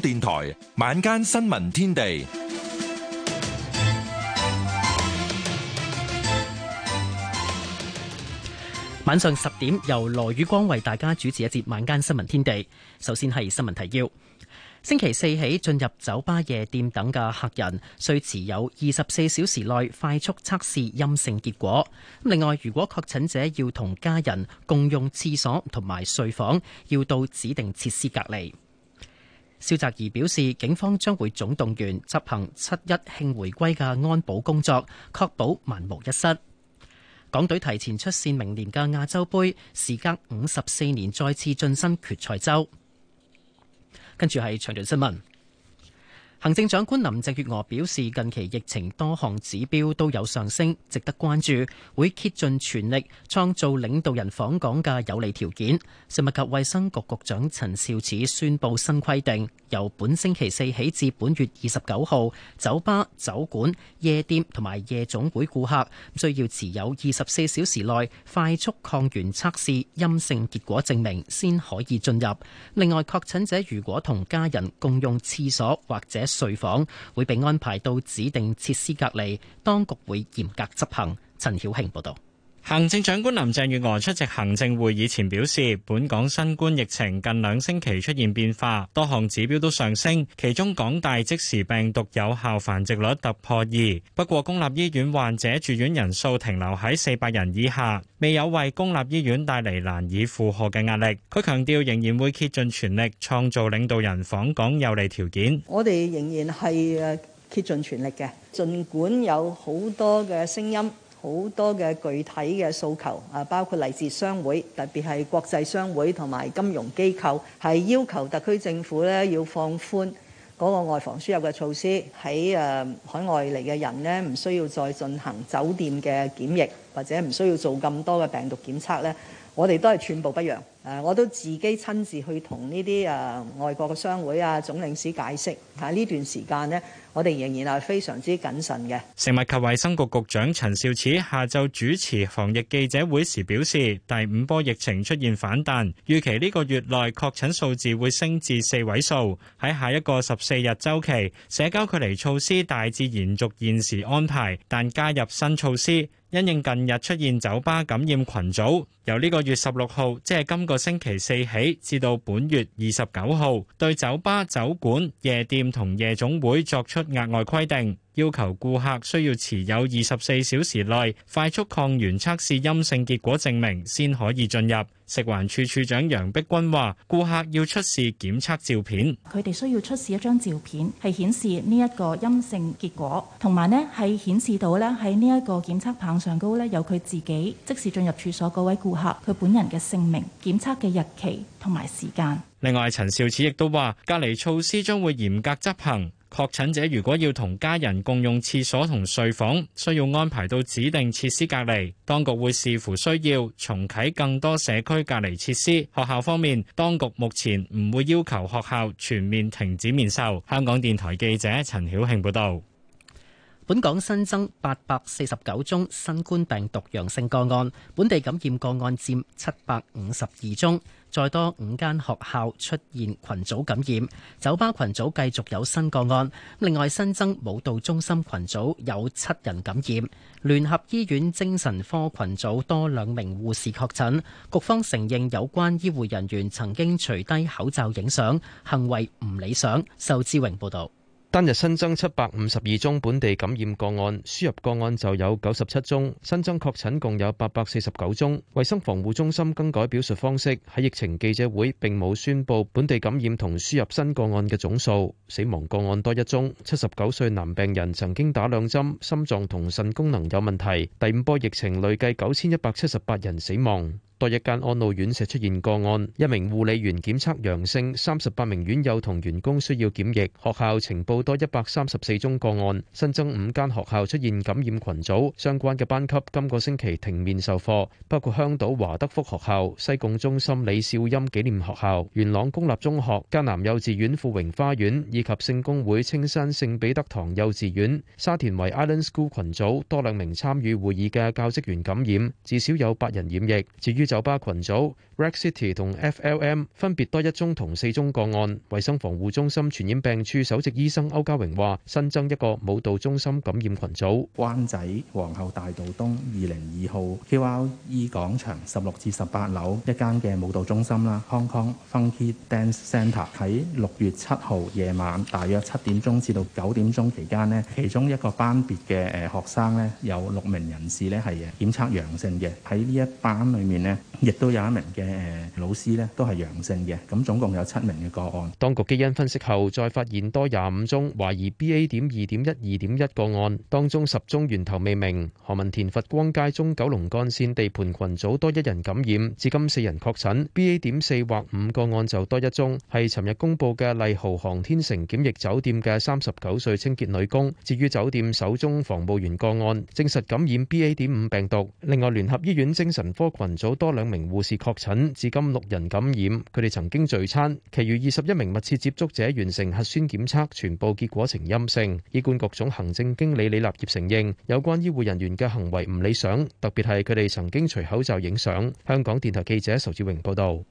電台晚間新聞天地，晚上十點由羅宇光為大家主持一節晚間新聞天地。首先係新聞提要：星期四起進入酒吧、夜店等嘅客人，須持有二十四小時內快速測試陰性結果。咁另外，如果確診者要同家人共用廁所同埋睡房，要到指定設施隔離。蕭澤頤表示，警方將會總動員執行七一慶回歸嘅安保工作，確保萬無一失。港隊提前出線明年嘅亞洲盃，時隔五十四年再次晉身決賽周。跟住係詳盡新聞。行政長官林鄭月娥表示，近期疫情多項指標都有上升，值得關注，會竭盡全力創造領導人訪港嘅有利條件。食物及衛生局局長陳肇始宣布新規定，由本星期四起至本月二十九號，酒吧、酒館、夜店同埋夜總會顧客需要持有二十四小時內快速抗原測試陰性結果證明先可以進入。另外，確診者如果同家人共用廁所或者睡房會被安排到指定設施隔離，當局會嚴格執行。陳曉慶報道。行政長官林鄭月娥出席行政會議前表示，本港新冠疫情近兩星期出現變化，多項指標都上升，其中港大即時病毒有效繁殖率突破二。不過公立醫院患者住院人數停留喺四百人以下，未有為公立醫院帶嚟難以負荷嘅壓力。佢強調仍然會竭盡全力創造領導人訪港有利條件。我哋仍然係誒竭盡全力嘅，盡管有好多嘅聲音。好多嘅具體嘅訴求啊，包括嚟自商會，特別係國際商會同埋金融機構，係要求特區政府咧要放寬嗰個外防輸入嘅措施，喺誒海外嚟嘅人咧唔需要再進行酒店嘅檢疫，或者唔需要做咁多嘅病毒檢測咧，我哋都係寸步不讓。誒，我都自己親自去同呢啲誒外國嘅商會啊，總領事解釋。但，呢段時間呢，我哋仍然係非常之謹慎嘅。食物及衛生局局長陳肇始下晝主持防疫記者會時表示，第五波疫情出現反彈，預期呢個月內確診數字會升至四位數。喺下一個十四日週期，社交距離措施大致延續現時安排，但加入新措施，因應近日出現酒吧感染群組。由呢個月十六號，即係今個個星期四起至到本月二十九號，對酒吧、酒館、夜店同夜總會作出額外規定。要求顧客需要持有二十四小時內快速抗原測試陰性結果證明，先可以進入。食環署署長楊碧君話：顧客要出示檢測照片，佢哋需要出示一張照片，係顯示呢一個陰性結果，同埋呢係顯示到咧喺呢一個檢測棒上高咧有佢自己，即時進入處所嗰位顧客，佢本人嘅姓名、檢測嘅日期同埋時間。另外，陳肇始亦都話，隔離措施將會嚴格執行。確診者如果要同家人共用廁所同睡房，需要安排到指定設施隔離。當局會視乎需要重啟更多社區隔離設施。學校方面，當局目前唔會要求學校全面停止面授。香港電台記者陳曉慶報導。本港新增八百四十九宗新冠病毒陽性個案，本地感染個案佔七百五十二宗。再多五間學校出現群組感染，酒吧群組繼續有新個案。另外新增舞蹈中心群組有七人感染，聯合醫院精神科群組多兩名護士確診，局方承認有關醫護人員曾經除低口罩影相，行為唔理想。仇志榮報道。單日新增七百五十二宗本地感染個案，輸入個案就有九十七宗，新增確診共有八百四十九宗。衛生防護中心更改表述方式，喺疫情記者會並冇宣佈本地感染同輸入新個案嘅總數。死亡個案多一宗，七十九歲男病人曾經打兩針，心臟同腎功能有問題。第五波疫情累計九千一百七十八人死亡。多一間安老院舍出現個案，一名護理員檢測陽性，三十八名院友同員工需要檢疫。學校呈報多一百三十四宗個案，新增五間學校出現感染群組，相關嘅班級今個星期停面授課，包括香港華德福學校、西貢中心李少欽紀念學校、元朗公立中學、迦南幼稚園富榮花園以及聖公會青山聖彼得堂幼稚園。沙田圍 Island School 群組多兩名參與會議嘅教職員感染，至少有八人染疫。至於就酒吧群組 Rex City 同 F L M 分別多一宗同四宗個案。衞生防護中心傳染病處首席醫生歐家榮話：新增一個舞蹈中心感染群組，灣仔皇后大道東二零二號 QRE 廣場十六至十八樓一間嘅舞蹈中心啦，Hong Kong Funky Dance Centre 喺六月七號夜晚大約七點鐘至到九點鐘期間呢，其中一個班別嘅誒學生呢，有六名人士呢係檢測陽性嘅喺呢一班裡面呢。亦都有一名嘅誒老師咧，都係陽性嘅，咁總共有七名嘅個案。當局基因分析後，再發現多廿五宗懷疑 B A. 點二點一二點一個案，當中十宗源頭未明。何文田佛光街中九龍幹線地盤羣組多一人感染，至今四人確診。B A. 點四或五個案就多一宗，係尋日公布嘅麗豪航天城檢疫酒店嘅三十九歲清潔女工，至於酒店首宗防務員個案，證實感染 B A. 點五病毒。另外，聯合醫院精神科羣組多。多兩名護士確診，至今六人感染，佢哋曾經聚餐，其餘二十一名密切接觸者完成核酸檢測，全部結果呈陰性。醫管局總行政經理李立業承認，有關醫護人員嘅行為唔理想，特別係佢哋曾經除口罩影相。香港電台記者仇志榮報導。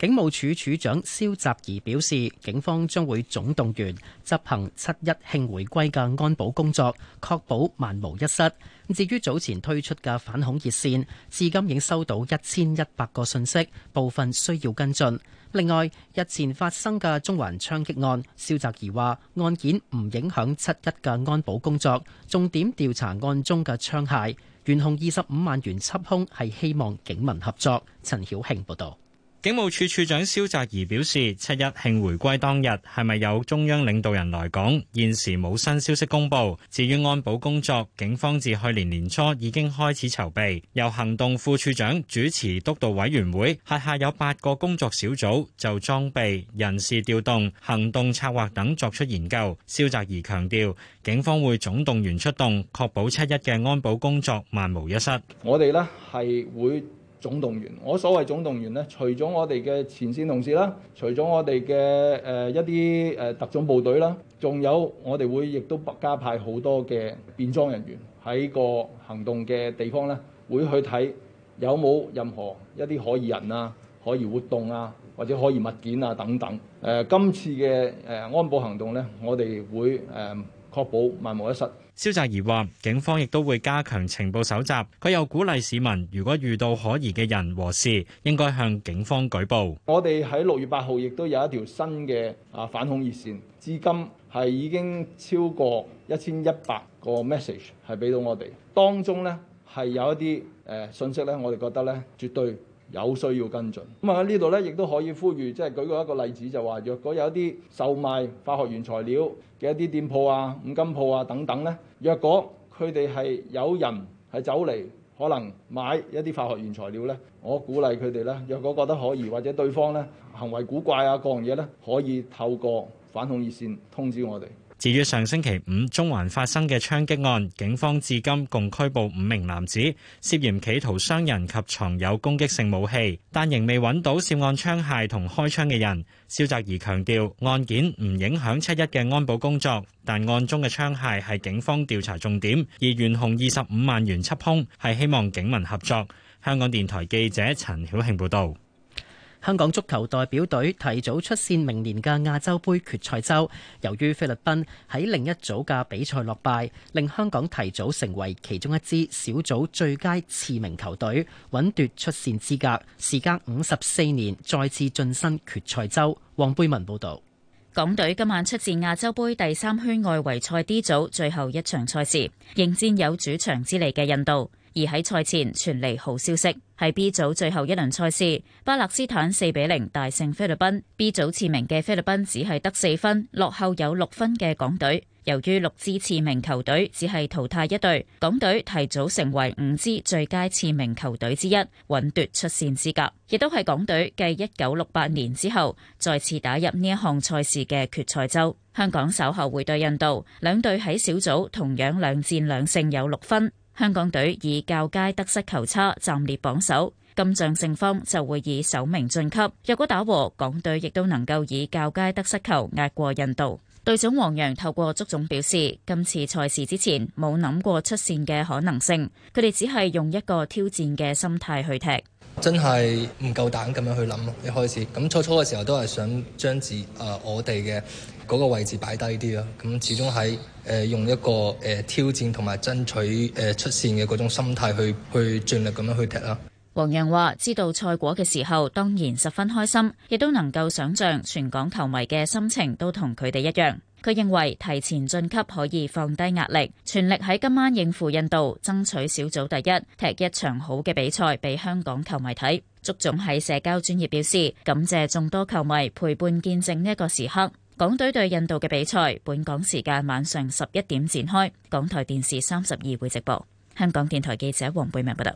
警務處處長蕭澤頤表示，警方將會總動員執行七一慶回歸嘅安保工作，確保萬無一失。至於早前推出嘅反恐熱線，至今已收到一千一百個信息，部分需要跟進。另外，日前發生嘅中環槍擊案，蕭澤頤話案件唔影響七一嘅安保工作，重點調查案中嘅槍械，懸紅二十五萬元緝凶，係希望警民合作。陳曉慶報道。警務處處長蕭澤頤表示，七一慶回歸當日係咪有中央領導人來港？現時冇新消息公布。至於安保工作，警方自去年年初已經開始籌備，由行動副處長主持督導委員會，轄下有八個工作小組就裝備、人事調動、行動策劃等作出研究。蕭澤頤強調，警方會總動員出動，確保七一嘅安保工作萬無一失。我哋呢係會。總動員，我所謂總動員咧，除咗我哋嘅前線同事啦，除咗我哋嘅誒一啲誒特種部隊啦，仲有我哋會亦都加派好多嘅便裝人員喺個行動嘅地方咧，會去睇有冇任何一啲可疑人啊、可疑活動啊，或者可疑物件啊等等。誒、呃，今次嘅誒安保行動咧，我哋會誒、呃、確保萬無一失。蕭澤頤話：警方亦都會加強情報搜集。佢又鼓勵市民，如果遇到可疑嘅人和事，應該向警方舉報。我哋喺六月八號亦都有一條新嘅啊反恐熱線，至今係已經超過一千一百個 message 係俾到我哋，當中呢，係有一啲誒信息咧，我哋覺得咧絕對。有需要跟進咁啊。喺呢度咧，亦都可以呼籲，即係舉個一個例子，就話若果有一啲售賣化學原材料嘅一啲店鋪啊、五金鋪啊等等咧，若果佢哋係有人係走嚟，可能買一啲化學原材料咧，我鼓勵佢哋咧，若果覺得可疑或者對方咧行為古怪啊，各樣嘢咧，可以透過反恐熱線通知我哋。至於上星期五中環發生嘅槍擊案，警方至今共拘捕五名男子，涉嫌企圖傷人及藏有攻擊性武器，但仍未揾到涉案槍械同開槍嘅人。蕭澤頤強調，案件唔影響七一嘅安保工作，但案中嘅槍械係警方調查重點，而懸紅二十五萬元緝兇係希望警民合作。香港電台記者陳曉慶報導。香港足球代表隊提早出線明年嘅亞洲盃決賽周，由於菲律賓喺另一組嘅比賽落敗，令香港提早成為其中一支小組最佳次名球隊，穩奪出線資格，時隔五十四年再次晉身決賽周。黃貝文報道，港隊今晚出戰亞洲盃第三圈外圍賽 D 組最後一場賽事，迎戰有主場之利嘅印度。而喺賽前傳嚟好消息，係 B 組最後一輪賽事，巴勒斯坦四比零大勝菲律賓。B 組次名嘅菲律賓只係得四分，落後有六分嘅港隊。由於六支次名球隊只係淘汰一隊，港隊提早成為五支最佳次名球隊之一，穩奪出線資格，亦都係港隊繼一九六八年之後再次打入呢一項賽事嘅決賽周。香港稍後會對印度兩隊喺小組同樣兩戰兩勝，有六分。香港隊以較佳得失球差暫列榜首，今仗勝方就會以首名晉級。若果打和，港隊亦都能夠以較佳得失球壓過印度。隊長王陽透過足總表示，今次賽事之前冇諗過出線嘅可能性，佢哋只係用一個挑戰嘅心態去踢。真係唔夠膽咁樣去諗咯，一開始。咁初初嘅時候都係想將自誒我哋嘅嗰個位置擺低啲咯。咁始終喺誒用一個誒挑戰同埋爭取誒出線嘅嗰種心態去去盡力咁樣去踢啦。黃陽話：知道賽果嘅時候，當然十分開心，亦都能夠想像全港球迷嘅心情都同佢哋一樣。佢認為提前晉級可以放低壓力，全力喺今晚應付印度，爭取小組第一，踢一場好嘅比賽俾香港球迷睇。足總喺社交專業表示感謝眾多球迷陪伴見證呢一個時刻。港隊對印度嘅比賽，本港時間晚上十一點展開。港台電視三十二會直播。香港電台記者黃貝明報道。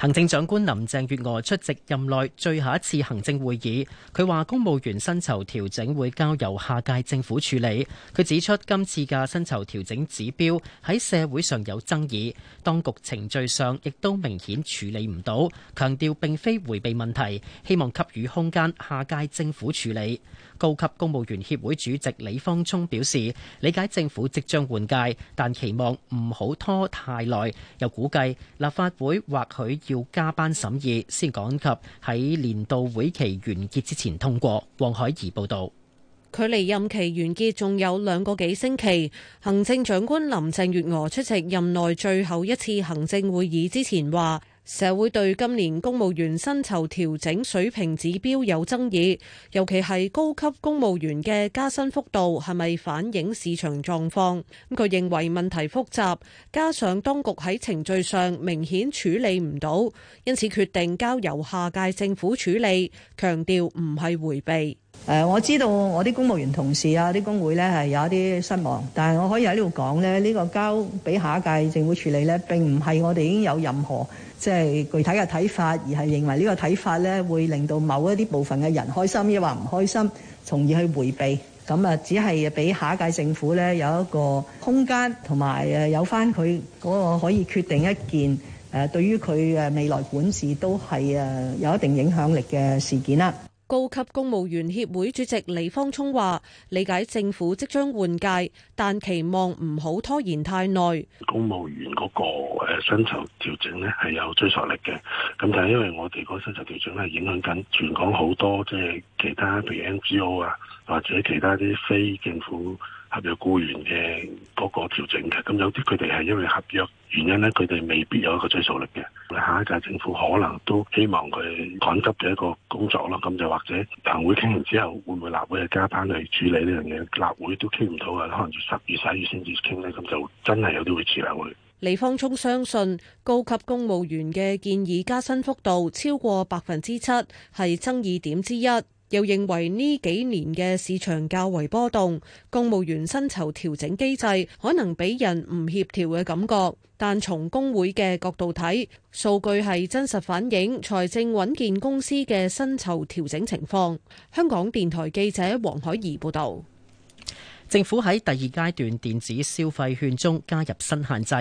行政長官林鄭月娥出席任內最後一次行政會議，佢話公務員薪酬調整會交由下屆政府處理。佢指出今次嘅薪酬調整指標喺社會上有爭議，當局程序上亦都明顯處理唔到，強調並非迴避問題，希望給予空間下屆政府處理。高級公務員協會主席李方聰表示，理解政府即將換屆，但期望唔好拖太耐。又估計立法會或許要加班審議，先趕及喺年度會期完結之前通過。黃海怡報道，距離任期完結仲有兩個幾星期。行政長官林鄭月娥出席任內最後一次行政會議之前話。社會對今年公務員薪酬調整水平指標有爭議，尤其係高級公務員嘅加薪幅度係咪反映市場狀況？佢認為問題複雜，加上當局喺程序上明顯處理唔到，因此決定交由下屆政府處理，強調唔係迴避。誒、呃、我知道我啲公務員同事啊、啲工會呢係有一啲失望，但係我可以喺呢度講，呢個交俾下一屆政府處理咧，並唔係我哋已經有任何即係具體嘅睇法，而係認為呢個睇法呢會令到某一啲部分嘅人開心，亦或唔開心，從而去迴避。咁啊，只係俾下一屆政府咧有一個空間同埋有返佢嗰個可以決定一件誒、呃、對於佢未來管治都係有一定影響力嘅事件啦。高級公務員協會主席李方聰話：理解政府即將換屆，但期望唔好拖延太耐。公務員嗰個誒，薪酬調整咧係有追溯力嘅，咁但係因為我哋嗰個薪酬調整咧影響緊全港好多，即係其他譬如 NGO 啊，或者其他啲非政府。合約雇員嘅嗰個調整嘅，咁有啲佢哋係因為合約原因呢，佢哋未必有一個追訴力嘅。下一屆政府可能都希望佢趕急嘅一個工作咯，咁就或者行會傾完之後，會唔會立會加班去處理呢樣嘢？立會都傾唔到啊，可能要十月、十一月先至傾呢。咁就真係有啲會遲留嘅。李方聰相信，高級公務員嘅建議加薪幅度超過百分之七係爭議點之一。又認為呢幾年嘅市場較為波動，公務員薪酬調整機制可能俾人唔協調嘅感覺。但從工會嘅角度睇，數據係真實反映財政穩健公司嘅薪酬調整情況。香港電台記者黃海怡報導。政府喺第二階段電子消費券中加入新限制，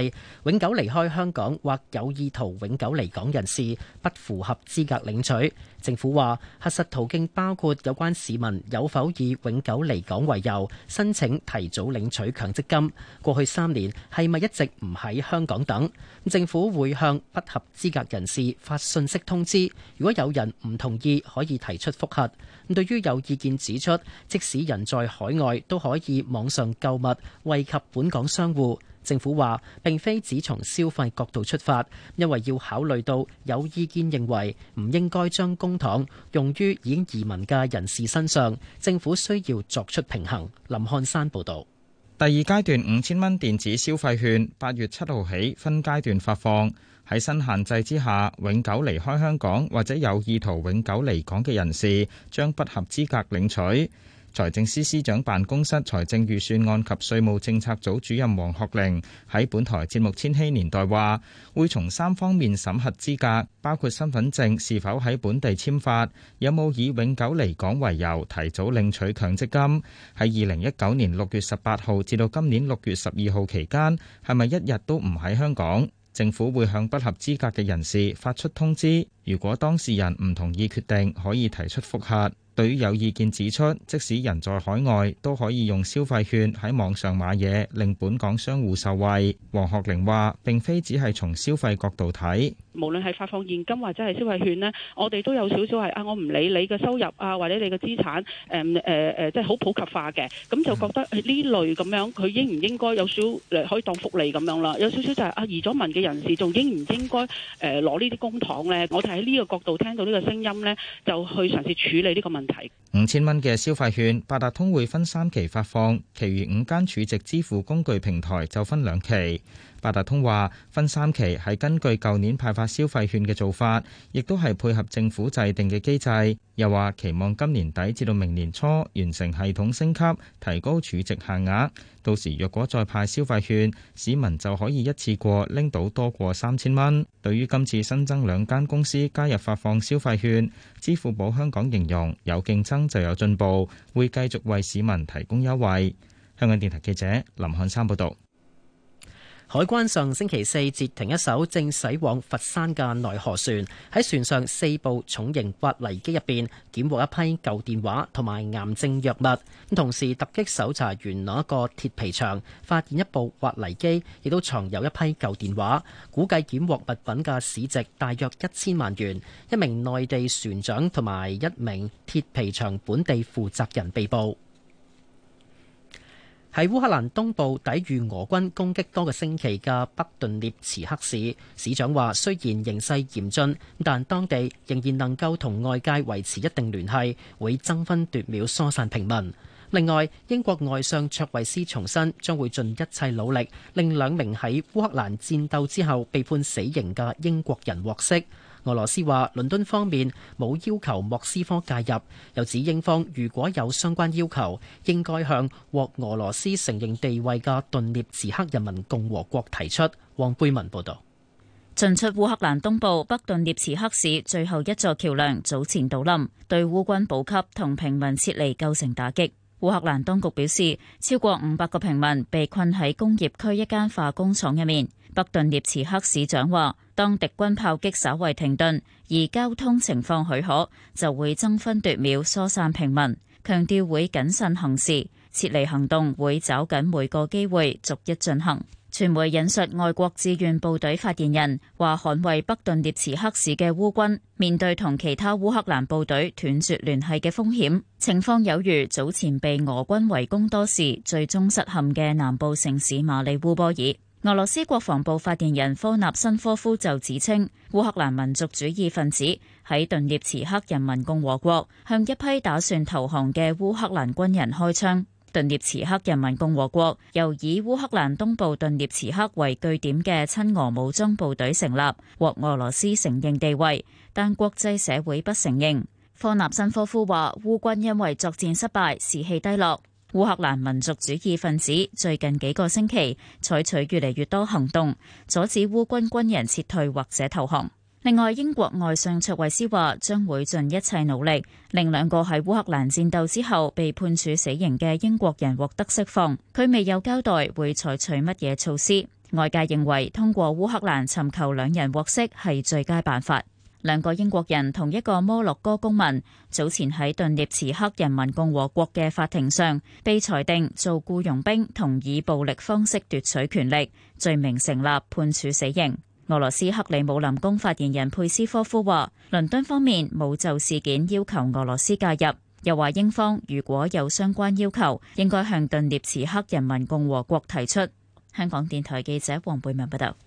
永久離開香港，或有意圖永久離港人士不符合資格領取。政府話，核實途徑包括有關市民有否以永久離港為由申請提早領取強積金。過去三年係咪一直唔喺香港等？政府會向不合資格人士發信息通知。如果有人唔同意，可以提出複核。對於有意見指出，即使人在海外都可以網上購物，惠及本港商戶。政府話並非只從消費角度出發，因為要考慮到有意見認為唔應該將公帑用於已經移民嘅人士身上，政府需要作出平衡。林漢山報導。第二階段五千蚊電子消費券八月七號起分階段發放，喺新限制之下，永久離開香港或者有意圖永久離港嘅人士將不合資格領取。財政司司長辦公室財政預算案及稅務政策組主任王學玲喺本台節目《千禧年代》話，會從三方面審核資格，包括身份證是否喺本地簽發，有冇以永久離港為由提早領取強積金，喺二零一九年六月十八號至到今年六月十二號期間，係咪一日都唔喺香港？政府會向不合資格嘅人士發出通知，如果當事人唔同意決定，可以提出覆核。對於有意見指出，即使人在海外，都可以用消費券喺網上買嘢，令本港商戶受惠，黃學玲話，並非只係從消費角度睇。無論係發放現金或者係消費券呢，我哋都有少少係啊，我唔理你嘅收入啊，或者你嘅資產，即係好普及化嘅。咁就覺得，呢類咁樣，佢應唔應該有少可以當福利咁樣啦？有少少就係啊， 五千蚊嘅消費券，八達通會分三期發放，其餘五間儲值支付工具平台就分兩期。八達通話分三期，係根據舊年派發消費券嘅做法，亦都係配合政府制定嘅機制。又話期望今年底至到明年初完成系統升級，提高儲值限額。到時若果再派消費券，市民就可以一次過拎到多過三千蚊。對於今次新增兩間公司加入發放消費券，支付寶香港形容有競爭就有進步，會繼續為市民提供優惠。香港電台記者林漢山報道。海關上星期四截停一艘正駛往佛山嘅內河船，喺船上四部重型挖泥機入邊，檢獲一批舊電話同埋癌症藥物。同時突擊搜查元朗一個鐵皮廠，發現一部挖泥機，亦都藏有一批舊電話，估計檢獲物品嘅市值大約一千萬元。一名內地船長同埋一名鐵皮廠本地負責人被捕。喺烏克蘭東部抵御俄軍攻擊多個星期嘅北頓涅茨克市市長話，雖然形勢嚴峻，但，當地仍然能夠同外界維持一定聯繫，會爭分奪秒疏散平民。另外，英國外相卓維斯重申將會盡一切努力令兩名喺烏克蘭戰鬥之後被判死刑嘅英國人獲釋。俄羅斯話：倫敦方面冇要求莫斯科介入，又指英方如果有相關要求，應該向獲俄羅斯承認地位嘅頓涅茨克人民共和國提出。黃貝文報道，進出烏克蘭東部北頓涅茨克市最後一座橋梁早前倒冧，對烏軍補給同平民撤離構成打擊。烏克蘭當局表示，超過五百個平民被困喺工業區一間化工廠入面。北頓涅茨克市長話，當敵軍炮擊稍為停頓，而交通情況許可，就會爭分奪秒疏散平民。強調會謹慎行事，撤離行動會找緊每個機會逐一進行。傳媒引述外國志願部隊發言人話，捍衛北頓涅茨克市嘅烏軍面對同其他烏克蘭部隊斷絕聯繫嘅風險，情況有如早前被俄軍圍攻多時最終失陷嘅南部城市馬里烏波爾。俄羅斯國防部發言人科納申科夫就指稱，烏克蘭民族主義分子喺頓涅茨克人民共和國向一批打算投降嘅烏克蘭軍人開槍。頓涅茨克人民共和國又以烏克蘭東部頓涅茨克為據點嘅親俄武裝部隊成立，獲俄羅斯承認地位，但國際社會不承認。科納申科夫話，烏軍因為作戰失敗，士氣低落。烏克蘭民族主義分子最近幾個星期採取越嚟越多行動，阻止烏軍軍人撤退或者投降。另外，英國外相卓維斯話將會盡一切努力，令兩個喺烏克蘭戰鬥之後被判處死刑嘅英國人獲得釋放。佢未有交代會採取乜嘢措施。外界認為通過烏克蘭尋求兩人獲釋係最佳辦法。兩個英國人同一個摩洛哥公民，早前喺頓涅茨克人民共和國嘅法庭上被裁定做僱傭兵，同以暴力方式奪取權力，罪名成立，判處死刑。俄羅斯克里姆林宮發言人佩斯科夫話，倫敦方面冇就事件要求俄羅斯介入，又話英方如果有相關要求，應該向頓涅茨克人民共和國提出。香港電台記者黃貝文報道。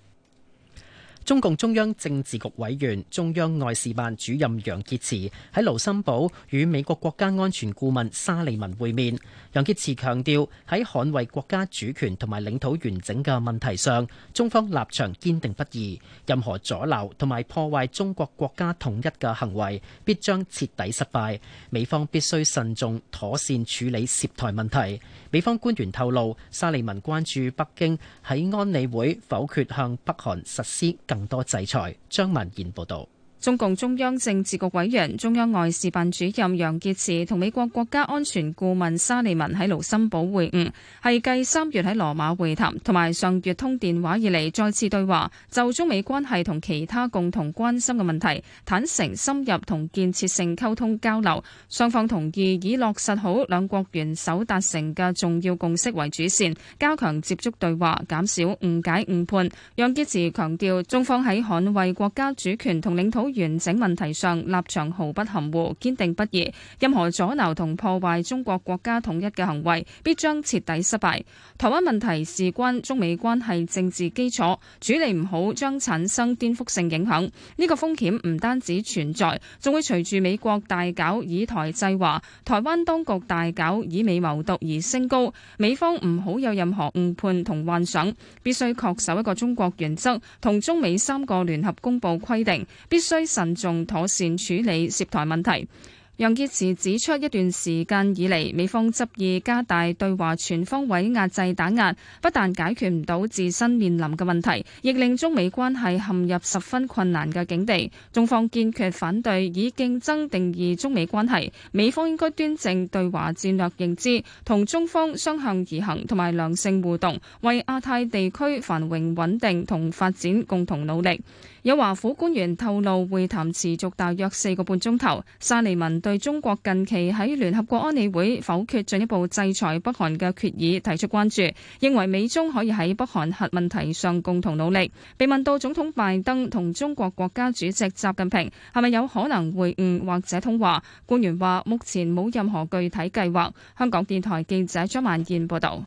中共中央政治局委員、中央外事辦主任楊潔篪喺盧森堡與美國國家安全顧問沙利文會面。楊潔篪強調喺捍衛國家主權同埋領土完整嘅問題上，中方立場堅定不移。任何阻撓同埋破壞中國國家統一嘅行為必將徹底失敗，美方必須慎重妥善處理涉台問題。美方官員透露，沙利文關注北京喺安理會否決向北韓實施。更多制裁，張文賢報道。中共中央政治局委員、中央外事辦主任楊潔篪同美國國家安全顧問沙利文喺盧森堡會晤，係繼三月喺羅馬會談同埋上月通電話以嚟再次對話，就中美關係同其他共同關心嘅問題坦誠深入同建設性溝通交流。雙方同意以落實好兩國元首達成嘅重要共識為主線，加強接觸對話，減少誤解誤判。楊潔篪強調，中方喺捍衛國家主權同領土。完整問題上立場毫不含糊，堅定不移。任何阻撓同破壞中國國家統一嘅行為，必將徹底失敗。台灣問題事關中美關係政治基礎，處理唔好將產生顛覆性影響。呢個風險唔單止存在，仲會隨住美國大搞以台制華、台灣當局大搞以美謀獨而升高。美方唔好有任何誤判同幻想，必須恪守一個中國原則同中美三個聯合公報規定，必須。慎重妥善處理涉台問題。楊潔篪指出，一段時間以嚟，美方執意加大對華全方位壓制打壓，不但解決唔到自身面臨嘅問題，亦令中美關係陷入十分困難嘅境地。中方堅決反對以競爭定義中美關係，美方應該端正對華戰略認知，同中方相向而行，同埋良性互動，為亞太地區繁榮穩定同發展共同努力。有華府官員透露，會談持續大約四個半鐘頭。沙利文對中國近期喺聯合國安理會否決進一步制裁北韓嘅決議提出關注，認為美中可以喺北韓核問題上共同努力。被問到總統拜登同中國國家主席習近平係咪有可能會晤或者通話，官員話目前冇任何具體計劃。香港電台記者張萬健報道。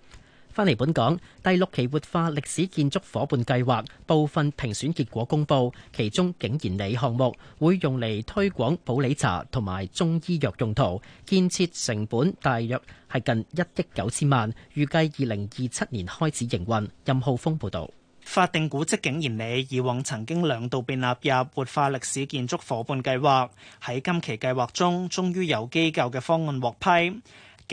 翻嚟本港，第六期活化歷史建築伙伴計劃部分評選結果公佈，其中景賢里項目會用嚟推廣普洱茶同埋中醫藥用途，建設成本大約係近一億九千萬，預計二零二七年開始營運。任浩峰報導，法定古蹟景賢里以往曾經兩度被納入活化歷史建築伙伴計劃，喺今期計劃中，終於有機構嘅方案獲批。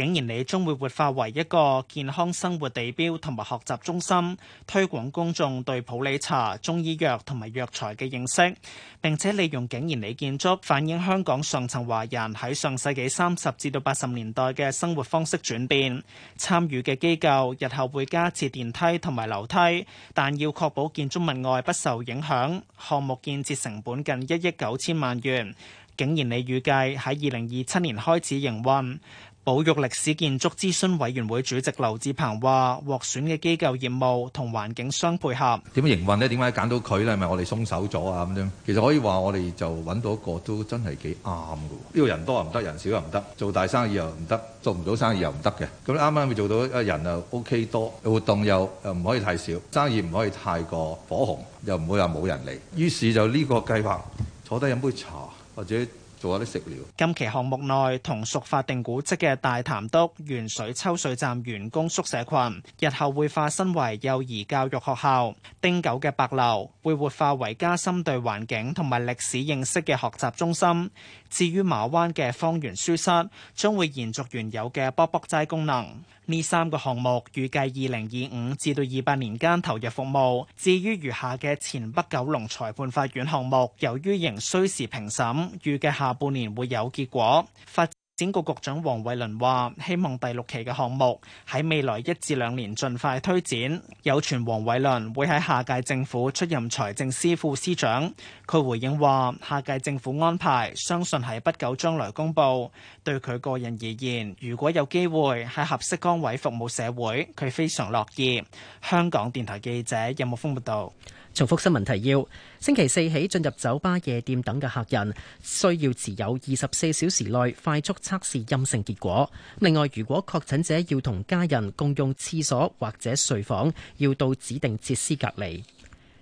景賢里將會活化為一個健康生活地標同埋學習中心，推廣公眾對普洱茶、中醫藥同埋藥材嘅認識，並且利用景賢里建築反映香港上層華人喺上世紀三十至到八十年代嘅生活方式轉變。參與嘅機構日後會加設電梯同埋樓梯，但要確保建築物外不受影響。項目建設成本近一億九千萬元。景賢里預計喺二零二七年開始營運。保育歷史建築諮詢委員會主席劉智鵬話：獲選嘅機構業務同環境相配合。點樣營運呢？點解揀到佢咧？係咪我哋鬆手咗啊？咁樣其實可以話我哋就揾到一個都真係幾啱嘅。呢個人多又唔得，人少又唔得，做大生意又唔得，做唔到生意又唔得嘅。咁啱啱咪做到啊！人又 OK 多，活動又又唔可以太少，生意唔可以太過火紅，又唔會話冇人嚟。於是就呢個計劃，坐低飲杯茶或者。今期項目內同屬法定古蹟嘅大潭篤原水抽水站員工宿舍群，日後會化身為幼兒教育學校；汀九嘅白樓會活化為加深對環境同埋歷史認識嘅學習中心；至於馬灣嘅方圓書室，將會延續原有嘅卜卜齋功能。呢三個項目預計二零二五至到二八年間投入服務。至於餘下嘅前北九龍裁判法院項目，由於仍需時評審，預計下半年會有結果。發展局局長黃偉綸話：希望第六期嘅項目喺未來一至兩年盡快推展。有傳黃偉綸會喺下屆政府出任財政司副司長。佢回應話：下屆政府安排，相信係不久將來公佈。對佢個人而言，如果有機會喺合適崗位服務社會，佢非常樂意。香港電台記者任木豐報道。重複新聞提要：星期四起進入酒吧、夜店等嘅客人，需要持有二十四小時內快速測試陰性結果。另外，如果確診者要同家人共用廁所或者睡房，要到指定設施隔離。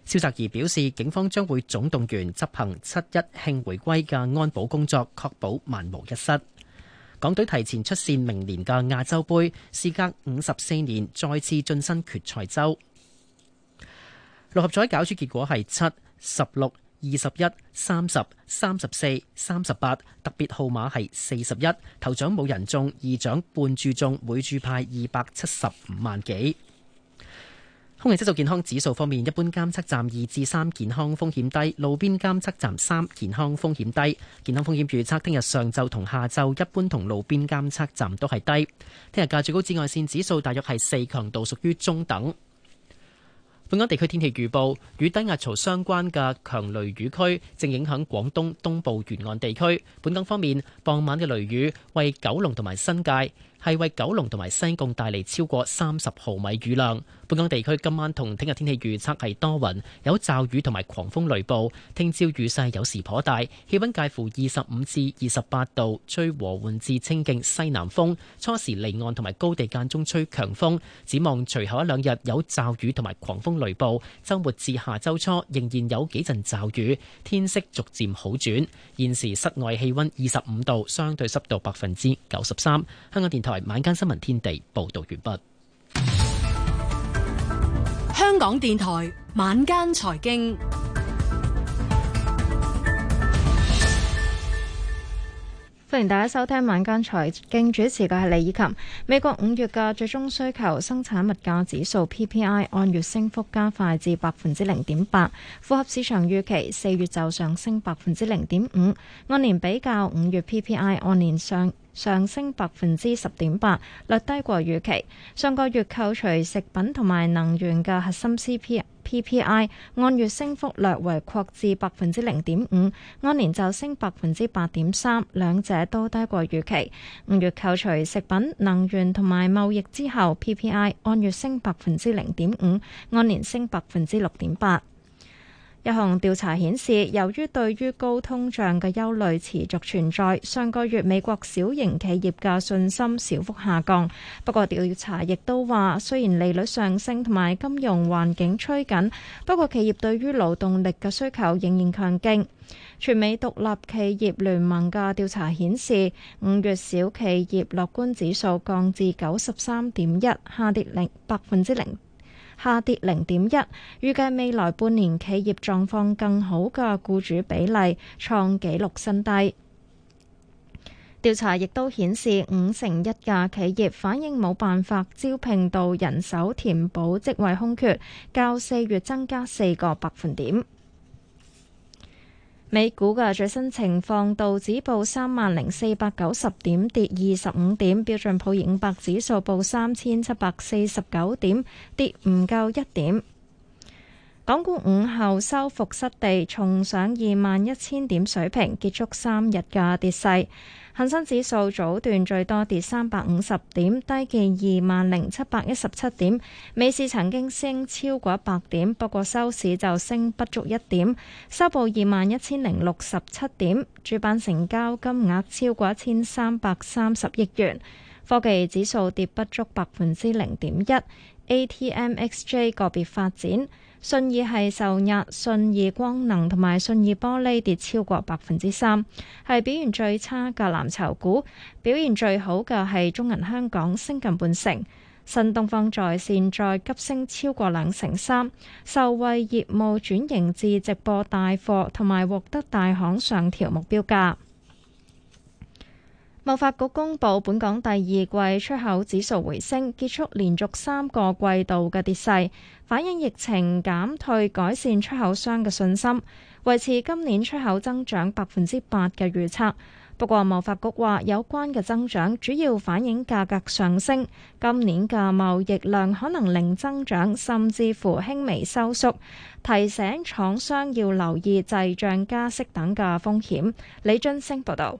蕭澤頤表示，警方將會總動員執行七一慶回歸嘅安保工作，確保萬無一失。港隊提前出線明年嘅亞洲盃，事隔五十四年再次晉身決賽周。六合彩搞出結果係七、十六、二十一、三十、三十四、三十八，特別號碼係四十一。頭獎冇人中，二獎半注中，每注派二百七十五萬幾。空氣質素健康指數方面，一般監測站二至三，健康風險低；路邊監測站三，健康風險低。健康風險預測聽日上晝同下晝，一般同路邊監測站都係低。聽日嘅最高紫外線指數大約係四，強度屬於中等。本港地區天氣預報，與低壓槽相關嘅強雷雨區正影響廣東東部沿岸地區。本港方面，傍晚嘅雷雨為九龍同埋新界，係為九龍同埋西貢帶嚟超過三十毫米雨量。本港地區今晚同聽日天氣預測係多雲，有驟雨同埋狂風雷暴。聽朝雨勢有時頗大，氣温介乎二十五至二十八度，吹和緩至清勁西南風。初時離岸同埋高地間中吹強風。展望隨後一兩日有驟雨同埋狂風雷暴。周末至下周初仍然有幾陣驟雨，天色逐漸好轉。現時室外氣温二十五度，相對濕度百分之九十三。香港電台晚間新聞天地報導完畢。香港電台晚間財經，歡迎大家收聽晚間財經。主持嘅係李以琴。美國五月嘅最終需求生產物價指數 P P I 按月升幅加快至百分之零點八，符合市場預期。四月就上升百分之零點五，按年比較，五月 P P I 按年上。上升百分之十點八，略低過預期。上個月扣除食品同埋能源嘅核心 C P P P I 按月升幅略為擴至百分之零點五，按年就升百分之八點三，兩者都低過預期。五月扣除食品、能源同埋貿易之後 P P I 按月升百分之零點五，按年升百分之六點八。一項調查顯示，由於對於高通脹嘅憂慮持續存在，上個月美國小型企業嘅信心小幅下降。不過調查亦都話，雖然利率上升同埋金融環境趨緊，不過企業對於勞動力嘅需求仍然強勁。全美獨立企業聯盟嘅調查顯示，五月小企業樂觀指數降至九十三點一，下跌零百分之零。下跌零點一，預計未來半年企業狀況更好嘅僱主比例創紀錄新低。調查亦都顯示五成一嘅企業反映冇辦法招聘到人手填補職位空缺，較四月增加四個百分點。美股嘅最新情況，道指報三萬零四百九十點，跌二十五點，標準普爾五百指數報三千七百四十九點，跌唔夠一點。港股午後收復失地，重上二萬一千點水平，結束三日嘅跌勢。恒生指數早段最多跌三百五十點，低見二萬零七百一十七點。尾市曾經升超過百點，不過收市就升不足一點，收報二萬一千零六十七點。主板成交金額超過一千三百三十億元。科技指數跌不足百分之零點一。A T M X J 個別發展。信義系受壓，信義光能同埋信義玻璃跌超過百分之三，係表現最差嘅藍籌股。表現最好嘅係中銀香港升近半成，新東方在線再急升超過兩成三，受惠業務轉型至直播帶貨同埋獲得大行上調目標價。貿發局公布本港第二季出口指數回升，結束連續三個季度嘅跌勢，反映疫情減退改善出口商嘅信心，維持今年出口增長百分之八嘅預測。不過貿發局話，有關嘅增長主要反映價格上升，今年嘅貿易量可能零增長，甚至乎輕微收縮，提醒廠商要留意滯脹加息等嘅風險。李津升報道。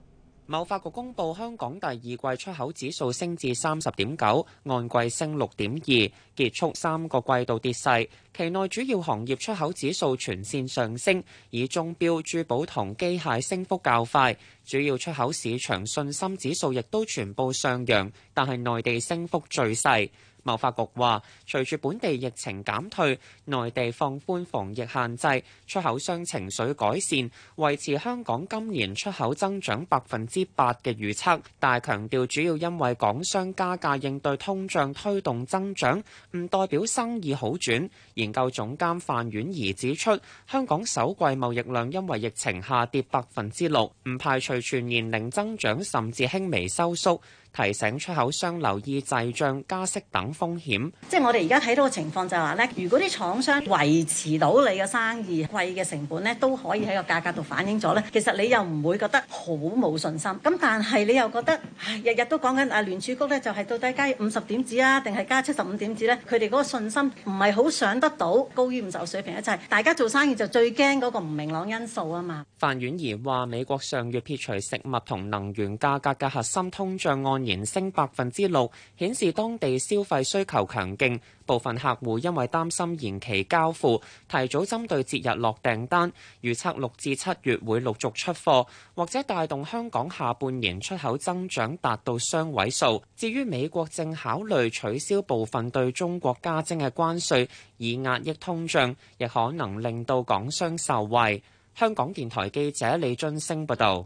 貿發局公布香港第二季出口指數升至三十點九，按季升六點二，結束三個季度跌勢。期內主要行業出口指數全線上升，以鐘錶珠寶同機械升幅較快。主要出口市場信心指數亦都全部上揚，但係內地升幅最細。貿發局話，隨住本地疫情減退，內地放寬防疫限制，出口商情緒改善，維持香港今年出口增長百分之八嘅預測，但係強調主要因為港商加價應對通脹推動增長，唔代表生意好轉。研究總監范婉兒指出，香港首季貿易量因為疫情下跌百分之六，唔排除全年零增長甚至輕微收縮。提醒出口商留意滯脹加息等風險，即係我哋而家睇到嘅情況就係話咧，如果啲廠商維持到你嘅生意貴嘅成本咧，都可以喺個價格度反映咗咧，其實你又唔會覺得好冇信心。咁但係你又覺得，唉，日日都講緊啊聯儲局咧就係、是、到底加五十點子啊，定係加七十五點子咧？佢哋嗰個信心唔係好想得到高於五十水平，一齊大家做生意就最驚嗰個唔明朗因素啊嘛。范婉儀話美國上月撇除食物同能源價格嘅核心通脹按。年升百分之六，顯示當地消費需求強勁，部分客戶因為擔心延期交付，提早針對節日落訂單。預測六至七月會陸續出貨，或者帶動香港下半年出口增長達到雙位數。至於美國正考慮取消部分對中國加徵嘅關稅，以壓抑通脹，亦可能令到港商受惠。香港電台記者李俊升報道。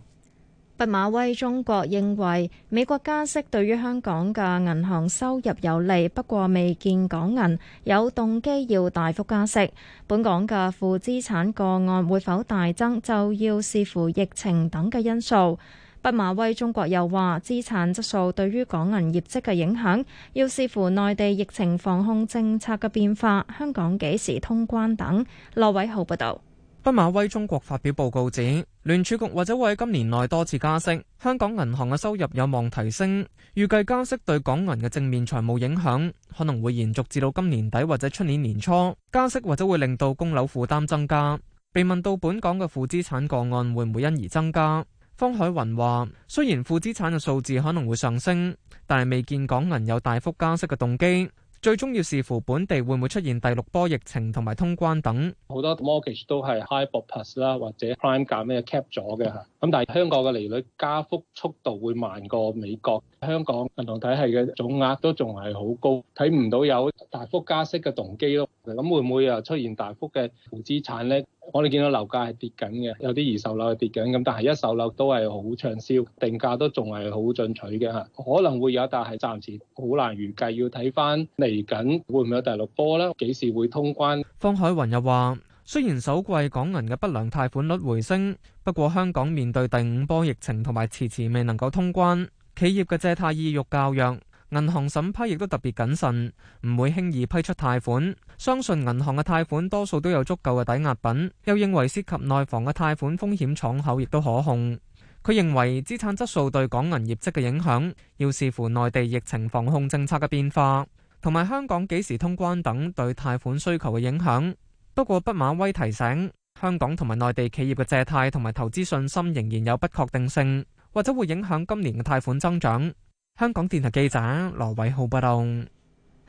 畢馬威中國認為，美國加息對於香港嘅銀行收入有利，不過未見港銀有動機要大幅加息。本港嘅負資產個案會否大增，就要視乎疫情等嘅因素。畢馬威中國又話，資產質素對於港銀業績嘅影響，要視乎內地疫情防控政策嘅變化、香港幾時通關等。羅偉浩報道。畢馬威中國發表報告指，聯儲局或者會喺今年內多次加息，香港銀行嘅收入有望提升。預計加息對港銀嘅正面財務影響可能會延續至到今年底或者出年年初。加息或者會令到供樓負擔增加。被問到本港嘅負資產個案會唔會因而增加，方海雲話：雖然負資產嘅數字可能會上升，但係未見港銀有大幅加息嘅動機。最終要視乎本地會唔會出現第六波疫情同埋通關等，好多 mortgage 都係 high bob pass 啦，或者 prime 價咩 cap 咗嘅咁但係香港嘅利率加幅速度會慢過美國，香港銀行體系嘅總額都仲係好高，睇唔到有大幅加息嘅動機咯。咁會唔會啊出現大幅嘅負資產咧？我哋見到樓價係跌緊嘅，有啲二手樓係跌緊，咁但係一手樓都係好暢銷，定價都仲係好進取嘅嚇。可能會有，但係暫時好難預計，要睇翻嚟緊會唔會有第六波咧，幾時會通關？方海雲又話。雖然首季港銀嘅不良貸款率回升，不過香港面對第五波疫情同埋遲遲未能夠通關，企業嘅借貸意欲較弱，銀行審批亦都特別謹慎，唔會輕易批出貸款。相信銀行嘅貸款多數都有足夠嘅抵押品，又認為涉及內房嘅貸款風險敞口亦都可控。佢認為資產質素對港銀業績嘅影響，要視乎內地疫情防控政策嘅變化，同埋香港幾時通關等對貸款需求嘅影響。不過，畢馬威提醒香港同埋內地企業嘅借貸同埋投資信心仍然有不確定性，或者會影響今年嘅貸款增長。香港電台記者羅偉浩報道。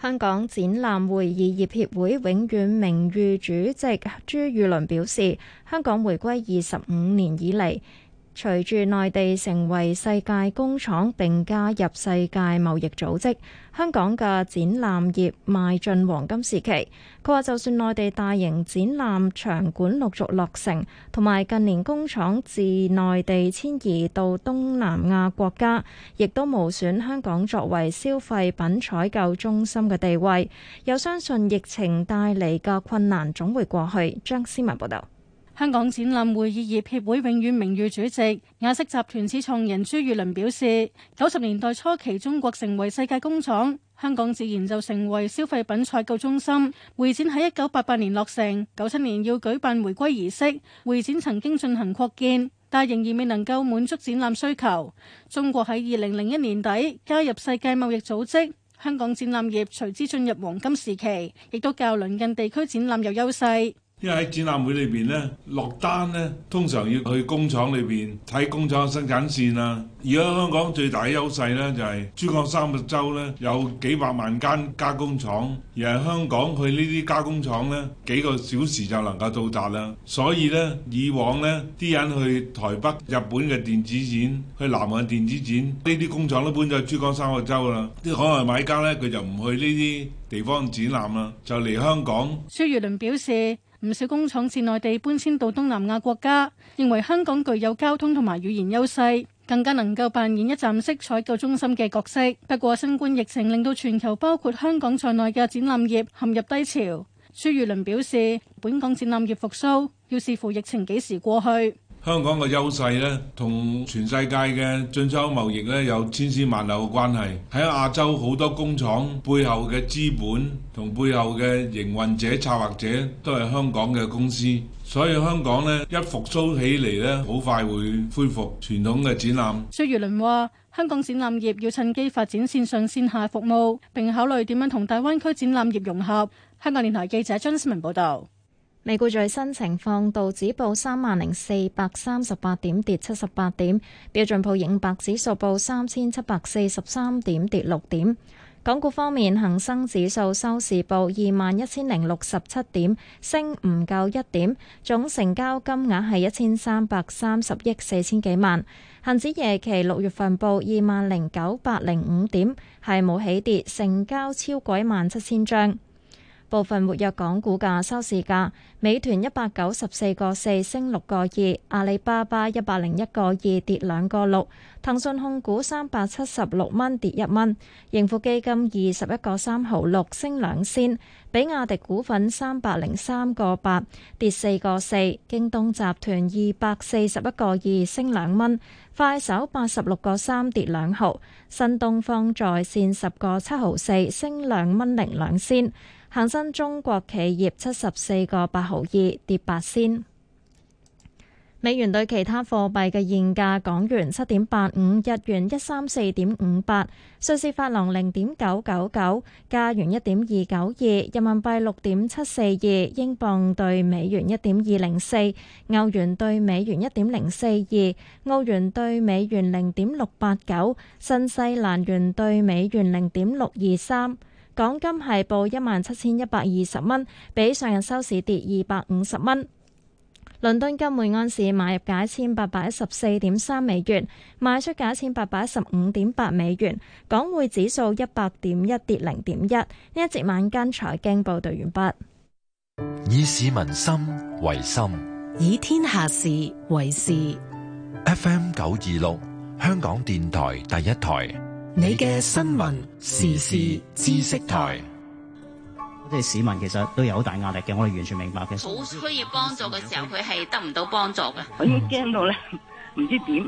香港展覽會議業協會永遠名譽主席朱裕倫表示，香港回歸二十五年以嚟。隨住內地成為世界工廠並加入世界貿易組織，香港嘅展覽業邁進黃金時期。佢話：就算內地大型展覽場館陸續落成，同埋近年工廠自內地遷移到東南亞國家，亦都無損香港作為消費品採購中心嘅地位。又相信疫情帶嚟嘅困難總會過去。張思文報道。香港展覽會議業協會永遠名譽主席雅式集團始創人朱裕倫表示：九十年代初期，中國成為世界工廠，香港自然就成為消費品採購中心。會展喺一九八八年落成，九七年要舉辦回歸儀式，會展曾經進行擴建，但仍然未能夠滿足展覽需求。中國喺二零零一年底加入世界貿易組織，香港展覽業隨之進入黃金時期，亦都較鄰近地區展覽有優勢。因為喺展覽會裏邊咧落單咧，通常要去工廠裏邊睇工廠生產線啊。而家香港最大嘅優勢咧就係珠江三角洲咧有幾百萬間加工廠，而係香港去呢啲加工廠咧幾個小時就能夠到達啦。所以咧以往咧啲人去台北、日本嘅電子展、去南韓電子展，呢啲工廠都搬咗去珠江三角洲啦。啲海外買家咧佢就唔去呢啲地方展覽啦，就嚟香港。薛如麟表示。唔少工廠自內地搬遷到東南亞國家，認為香港具有交通同埋語言優勢，更加能夠扮演一站式採購中心嘅角色。不過，新冠疫情令到全球包括香港在內嘅展覽業陷入低潮。朱悅倫表示，本港展覽業復甦要視乎疫情幾時過去。香港嘅優勢咧，同全世界嘅進出口貿易咧，有千絲萬縷嘅關係。喺亞洲好多工廠背後嘅資本同背後嘅營運者、策劃者都係香港嘅公司，所以香港呢，一復甦起嚟咧，好快會恢復傳統嘅展覽。薛如麟話：香港展覽業要趁機發展線上線下服務，並考慮點樣同大灣區展覽業融合。香港電台記者張思文報道。美股最新情況，道指報三萬零四百三十八點，跌七十八點；標準普爾五百指數報三千七百四十三點，跌六點。港股方面，恒生指數收市報二萬一千零六十七點，升唔夠一點，總成交金額係一千三百三十億四千幾萬。恒指夜期六月份報二萬零九百零五點，係冇起跌，成交超過萬七千張。部分活躍港股價收市價：美團一百九十四個四升六個二，阿里巴巴一百零一個二跌兩個六，騰訊控股三百七十六蚊跌一蚊，盈富基金二十一個三毫六升兩仙，比亞迪股份三百零三個八跌四個四，京東集團二百四十一個二升兩蚊，快手八十六個三跌兩毫，新東方在線十個七毫四升兩蚊零兩仙。兩恒生中國企業七十四個八毫二跌八仙。美元兌其他貨幣嘅現價：港元七點八五，日元一三四點五八，瑞士法郎零點九九九，加元一點二九二，人民幣六點七四二，英鎊兌美元一點二零四，歐元兌美元一點零四二，澳元兌美元零點六八九，新西蘭元兌美元零點六二三。港金係報一萬七千一百二十蚊，比上日收市跌二百五十蚊。倫敦金每安士買入價一千八百一十四點三美元，賣出價一千八百一十五點八美元。港匯指數一百點一跌零點一。呢一節晚間財經報道完畢。以市民心為心，以天下事為事。F. M. 九二六，香港電台第一台。你嘅新聞時事知識台，我哋市民其實都有好大壓力嘅，我哋完全明白嘅。好需要幫助嘅時候，佢係得唔到幫助嘅。我已經驚到咧，唔知點。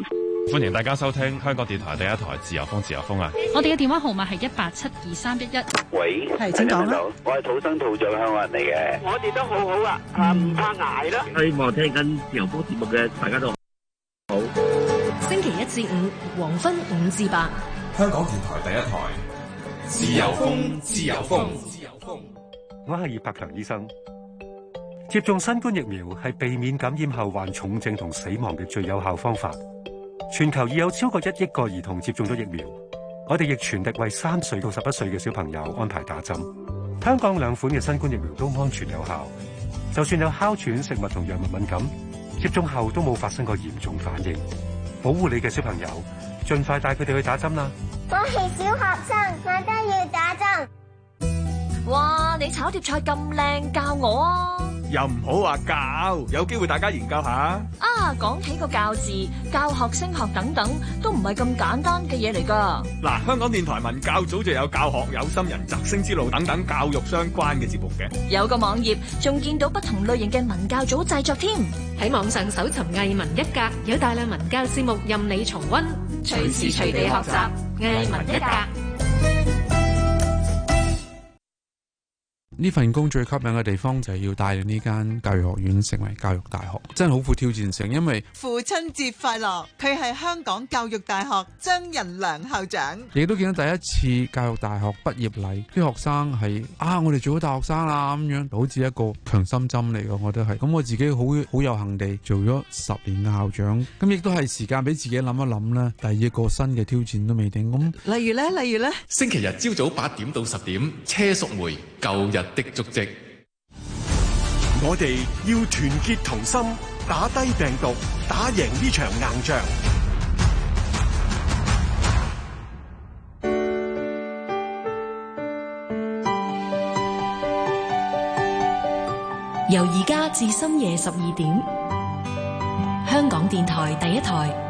歡迎大家收聽香港電台第一台自由風，自由風啊！我哋嘅電話號碼係一八七二三一一。喂，係請講啦。我係土生土長香港人嚟嘅。我哋都好好啊，怕唔怕捱啦？希望聽緊自由風節目嘅大家都好。星期一至五黃昏五至八。香港電台第一台，自由風，自由風，自由風。我係葉柏強醫生。接種新冠疫苗係避免感染後患重症同死亡嘅最有效方法。全球已有超過一億個兒童接種咗疫苗。我哋亦全力為三歲到十一歲嘅小朋友安排打針。香港兩款嘅新冠疫苗都安全有效。就算有哮喘、食物同藥物敏感，接種後都冇發生過嚴重反應。保護你嘅小朋友。盡快帶佢哋去打針啦。我係小學生，我都要打針。哇！你炒碟菜咁靚，教我啊！又唔好話教，有機會大家研究下啊。講起個教字，教學、升學等等都唔係咁簡單嘅嘢嚟㗎。嗱，香港電台文教組就有教學、有心人、擇生之路等等教育相關嘅節目嘅。有個網頁仲見到不同類型嘅文教組製作添，喺網上搜尋藝文一格，有大量文教節目任你重溫。隨時隨地學習，藝文一格。呢份工最吸引嘅地方就係要帶領呢間教育學院成為教育大學，真係好富挑戰性。因為父親節快樂，佢係香港教育大學張仁良校長。亦都見到第一次教育大學畢業禮，啲學生係啊，我哋做咗大學生啦咁樣，好似一個強心針嚟嘅，我覺得係。咁我自己好好有幸地做咗十年校長，咁亦都係時間俾自己諗一諗啦。第二個新嘅挑戰都未定。咁例如咧，例如咧，星期日朝早八點到十點，車淑梅舊日。的足跡，我哋要團結同心，打低病毒，打贏呢場硬仗。由而家至深夜十二點，香港電台第一台。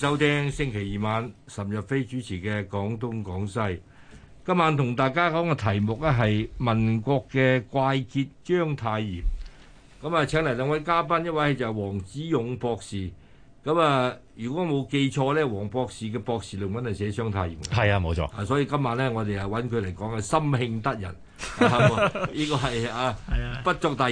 收聽星期二晚岑若飛主持嘅《廣東廣西》，今晚同大家講嘅題目咧係《民國嘅怪傑章太炎》嗯，咁啊請嚟兩位嘉賓，一位就係黃子勇博士，咁、嗯、啊如果冇記錯咧，黃博士嘅博士論文係寫章太炎，係啊冇錯，啊所以今晚咧我哋啊揾佢嚟講嘅深慶得人，呢 個係啊不作大。